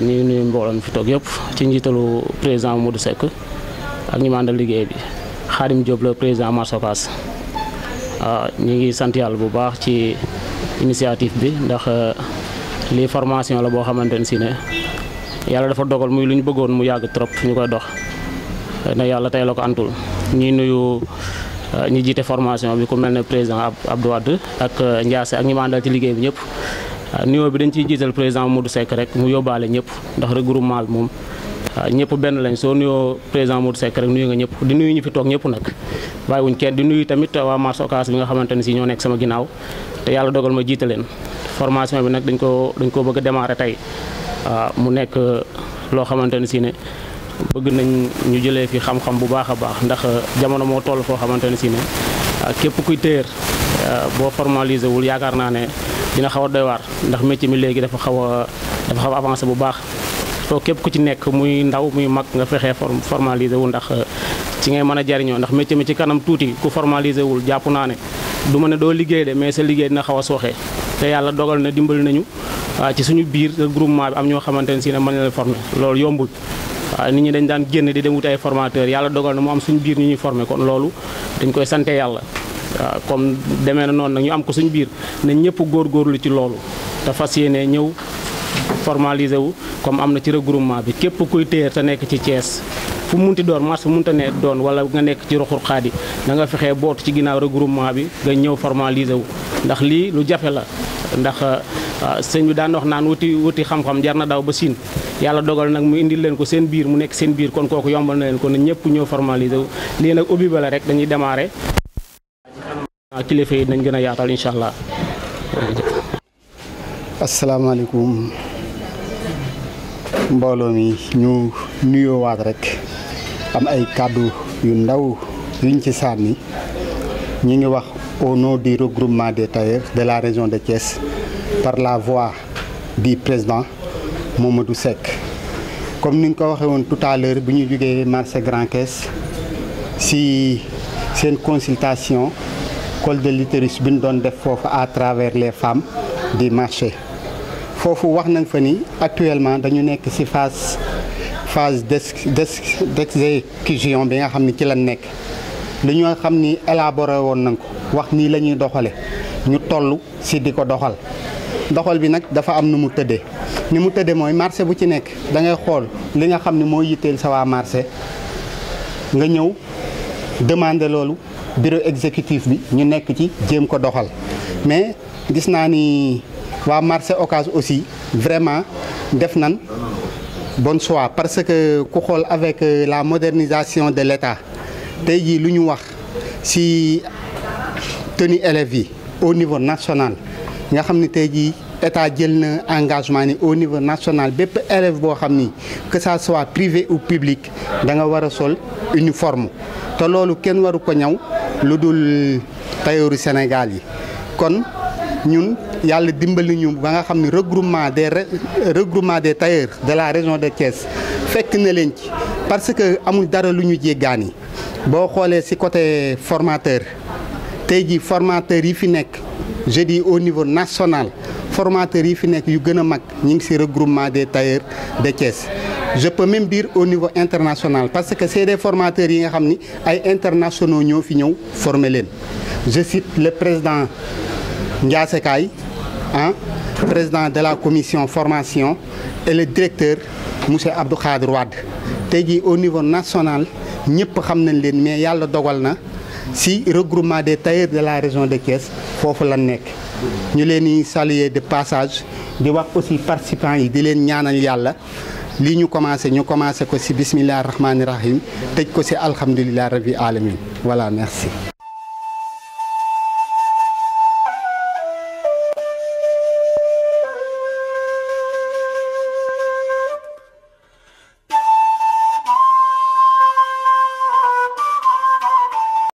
ñu ngi nuyu mbooloo mi fi toog yëpp ci njiitalu président Modou Seck ak ñi ma àndal liggéey bi Xaadim Diop la président marché Ocass ñu ngi sant yàlla bu baax ci initiative bi ndax euh, lii formation la boo xamante ne si ne yàlla dafa dogal muy lu ñu bëggoon mu yàgg trop ñu koy dox na yàlla tey la ko antul ñuy nuyu euh, ñi jiite formation bi ku mel ne président Abdou Wade ak euh, Ndiasse ak ñi ma àndal ci liggéey bi ñëpp. waaw ah, nuyoo bi dañ ciy jiital président Modou Seck rek mu yóbbaale ñëpp ndax regroupement bi moom waaw ah, ñëpp benn lañ soo nuyoo président Modou sekk rek nuyu nga ñëpp di nuyu ñu fi toog ñëpp nag bàyyi wuñ kenn di nuyu tamit waa marché Ocass bi nga xamante ne si ñoo nekk sama ginnaaw te yàlla dogal ma jiite leen formation bi nag dañ koo dañ ko bëgg a démarrer tey ah, mu nekk loo xamante ne si ne bëgg nañ ñu jëlee fi xam-xam bu baax a baax ndax jamono moo toll foo xamante ne si ne képp kuy téer wul yaakaar naa ne dina xaw a doy ndax métier mi léegi dafa xaw a dafa xaw a avancé bu baax soo képp ku ci nekk muy ndaw muy mag nga fexee formaliser wu ndax euh, ci ngay mën a jariñoo ndax métier mi ci kanam tuuti ku formaliser wul jàpp naa ne du ma ne doo liggéey de mais sa liggéey dina xaw a sooxee te yàlla dogal na dimbali nañu waaw ci suñu biir groupement bi am ñoo xamante ne si ne mën na formé loolu yombul waaw nit ñi dañ daan génn di dem wuti ay formateur yàlla dogal na mu suñu biir ñu ñuy formé kon loolu dañ koy sante yàlla waaw comme demee na noonu nag ñu am ko suñ biir ne ñëpp góorgóorlu ci loolu te fas yéene ñëw formalisé wu comme am na ci regroupement bi képp kuy téer te nekk ci cees fu munti doon marché fu munta ne doon wala nga nekk ci roxur xaadi da nga fexee bootu ci ginnaaw regroupement bi nga ñëw formalisé wu ndax lii lu jafe la ndax ah, sëñ bi daan wax naan wuti wuti xam-xam jar na daw ba siin yàlla dogal nag mu indil leen ko seen biir mu nekk seen biir kon kooku yombal na leen ko ne ñëpp ñëw formalisé wu lii nag ubbi la rek dañuy démarrer Ah, kilifa yi nañ gën a yaatal incha allah. asalaamaaleykum mbooloo mi ñu nuyoo waat rek am ay kàddu yu ndaw yuñ ci sànni ñu ngi wax au nom du regroupement des tailleurs de la région de Thiès par la voix di président moom Mamadou Seck comme ni nga ko waxee woon tout à l'heure bi ñu jógee marché Grand Thiès si seen consultation. col de l'utérus bi ñu doon def foofu à travers les femmes di marché foofu wax nañ fa ni actuellement dañu nekk ci phase phase des d'exécution bi nga xam ni ci lan nekk lu ñoo xam ni élaboré woon nañ ko wax nii la ñuy doxale ñu toll ci di ko doxal doxal bi nag dafa am nu mu tëddee nu mu tëddee mooy marché bu ci nekk da ngay xool li nga xam ni mooy yitteel sa waa nga ñëw demander loolu bureau exécutif bi ñu nekk ci jéem ko doxal mais gis naa ni waa marché Ocass aussi vraiment def nan bon choix parce que ku xool avec euh, la modernisation de l'État tey jii lu ñu wax ci tenue élèves yi au niveau national nga xam ni tey jii état jël na engagement ni au niveau national bépp élève boo xam ni que ça soit privé ou public da nga war a sol uniforme te loolu kenn waru ko ñaw lu dul tailleur Sénégal yi kon ñun yàlla dimbali ñu ba nga xam ne regroupement de regroupement des tailleurs de la région de Thiès fekk na leen ci parce que amul dara lu ñu jéggaani boo xoolee ci côté formateur tey jii formateur yi fi nekk je au niveau national formateur yi fi nekk yu gën a mag ñu ngi ci regroupement des tailleurs de Thiès. je peux même dire au niveau international parce que c'est des formateurs yi nga xam ni ay internationaux ñoo fi ñëw former leen je cite le président Ndiasse Kaye ah président de la commission formation et le directeur monsieur Abdou Khadir Wade tey jii au niveau national ñëpp xam nañ leen mais yàlla dogal na si regroupement des tailleurs de la région de Thiès foofu lan nekk ñu leen di saluer de passage di wax aussi participants yi di leen ñaanal yàlla lii ñu commencé ñu commencé ko ci bisimilah rahmaani rahim tëj ko ci alhamdulilah rabbi alamin voilà merci.